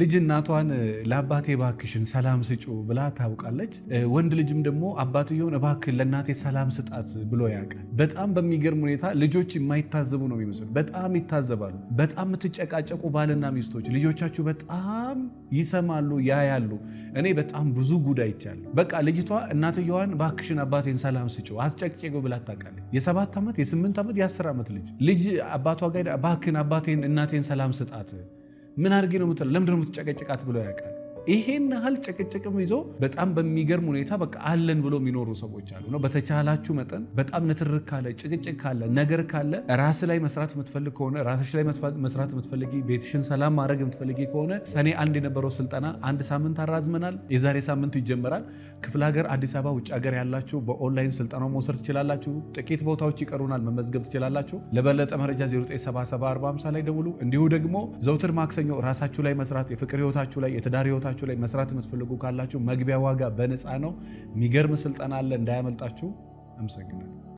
ልጅ እናቷን ለአባቴ እባክሽን ሰላም ስጩ ብላ ታውቃለች። ወንድ ልጅም ደግሞ አባትየውን እባክን ለእናቴ ሰላም ስጣት ብሎ ያውቃል። በጣም በሚገርም ሁኔታ ልጆች የማይታዘቡ ነው የሚመስሉ፣ በጣም ይታዘባሉ። በጣም የምትጨቃጨቁ ባልና ሚስቶች ልጆቻችሁ በጣም ይሰማሉ፣ ያያሉ። እኔ በጣም ብዙ ጉድ አይቻለሁ። በቃ ልጅቷ እናትየዋን እባክሽን አባቴን ሰላም ስጩ አስጨቅጭቁ ብላ ታውቃለች። የሰባት ዓመት የስምንት ዓመት የአስር ዓመት ልጅ ልጅ አባቷ ጋር እባክን አባቴን እናቴን ሰላም ስጣት ምን አድርጌ ነው የምትለው? ለምንድነው የምትጨቀጭቃት ብሎ ያውቃል። ይሄን ያህል ጭቅጭቅም ይዞ በጣም በሚገርም ሁኔታ በቃ አለን ብሎ የሚኖሩ ሰዎች አሉ ነው። በተቻላችሁ መጠን በጣም ንትርክ ካለ፣ ጭቅጭቅ ካለ፣ ነገር ካለ ራስ ላይ መስራት የምትፈልግ ከሆነ ራስሽ ላይ መስራት የምትፈልጊ ቤትሽን ሰላም ማድረግ የምትፈልጊ ከሆነ ሰኔ አንድ የነበረው ስልጠና አንድ ሳምንት አራዝመናል። የዛሬ ሳምንቱ ይጀመራል። ክፍለ ሀገር፣ አዲስ አበባ፣ ውጭ ሀገር ያላችሁ በኦንላይን ስልጠናው መውሰድ ትችላላችሁ። ጥቂት ቦታዎች ይቀሩናል፣ መመዝገብ ትችላላችሁ። ለበለጠ መረጃ 0977 ላይ ደውሉ። እንዲሁ ደግሞ ዘውትር ማክሰኞ ራሳችሁ ላይ መስራት የፍቅር ህይወታችሁ ላይ የትዳር ህይወታችሁ ስራችሁ ላይ መስራት የምትፈልጉ ካላችሁ መግቢያ ዋጋ በነፃ ነው። የሚገርም ስልጠና አለ፣ እንዳያመልጣችሁ። አመሰግናለሁ።